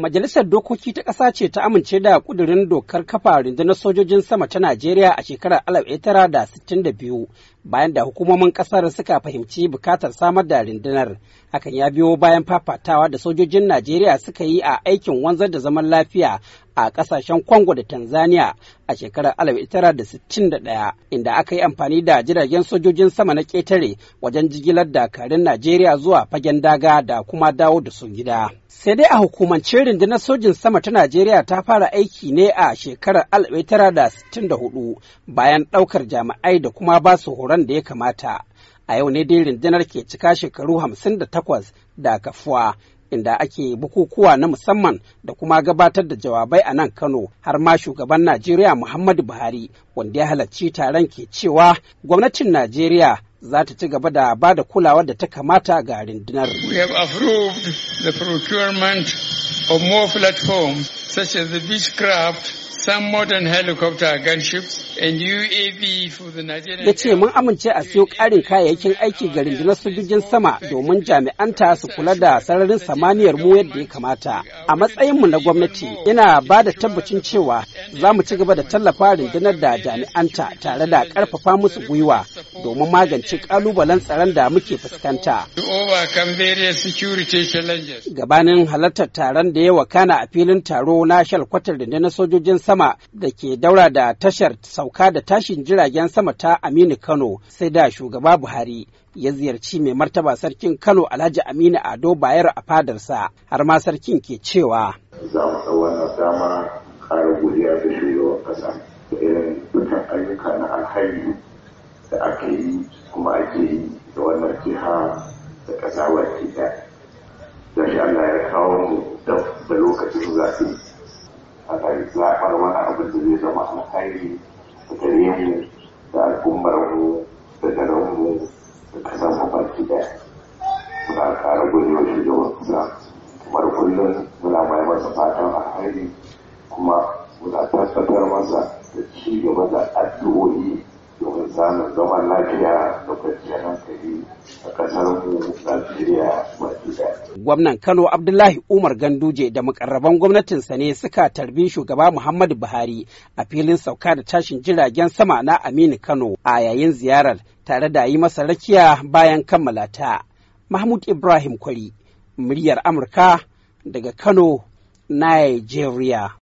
Majalisar Dokoki ta ƙasa ce ta amince da ƙudurin dokar kafa rundunar sojojin sama ta Najeriya a shekarar 1962 bayan da hukumomin kasar suka fahimci bukatar samar da rindinar, hakan ya biyo bayan fafatawa da sojojin najeriya suka yi a aikin wanzar da zaman lafiya a kasashen kwango da Tanzania a shekarar 1961 inda aka yi amfani da jiragen sojojin sama na ƙetare wajen jigilar dakarun Najeriya zuwa fagen daga da kuma dawo da su gida. Sai dai a hukumance rundunar sojin sama ta Najeriya ta fara aiki ne a shekarar 1964 bayan ɗaukar jami'ai da kuma ba su tsaron da ya kamata a yau ne dai rundunar ke cika shekaru hamsin da takwas da kafuwa inda ake bukukuwa na musamman da kuma gabatar da jawabai a nan Kano har ma shugaban Najeriya Muhammadu Buhari wanda ya halarci taron ke cewa gwamnatin Najeriya za ta ci gaba da ba da kulawar da ta kamata ga rundunar. We have approved the procurement or more platforms such as the Beechcraft, some modern helicopter gunships and UAV for the Nigerian Ya ce mun amince a siyo ƙarin kayayyakin aiki ga rundunar sojojin sama domin jami'anta su kula da sararin samaniyar mu yadda ya kamata. A matsayinmu na gwamnati ina ba da tabbacin cewa za mu ci gaba da tallafa rundunar da jami'anta tare da ƙarfafa musu gwiwa domin magance ƙalubalen tsaron da muke fuskanta. Gabanin halartar taron da ya wakana a filin taro na shalkwatar na sojojin sama da ke daura da tashar sauka da tashin jiragen sama ta Aminu Kano sai da shugaba Buhari ya ziyarci mai martaba sarkin Kano Alhaji Aminu Ado Bayero a fadarsa har ma sarkin ke cewa. Za mu dama ƙara guriya da shugaban ƙasa. ake yi da wannan jiha da ƙasa baki da don shi Allah ya kawo mu da lokacin zafi a zaɓar wani abin da zai zama alkhairi da gare mu da al'ummar mu da garin mu da ƙasar mu baki ɗaya muna ƙara gode wa wasu da kamar kullum muna mai masa fatan alkhairi kuma muna tabbatar masa da ci gaba da addu'o'i zaman lafiya da kwanciyar hankali a ƙasar mu Najeriya baki Gwamnan Kano Abdullahi Umar Ganduje da makarraban gwamnatinsa ne suka tarbi shugaba Muhammadu Buhari a filin sauka da tashin jiragen sama na Aminu Kano a yayin ziyarar tare da yi masa rakiya bayan kammala ta. Mahmud Ibrahim Kwari, muryar Amurka daga Kano, Nigeria.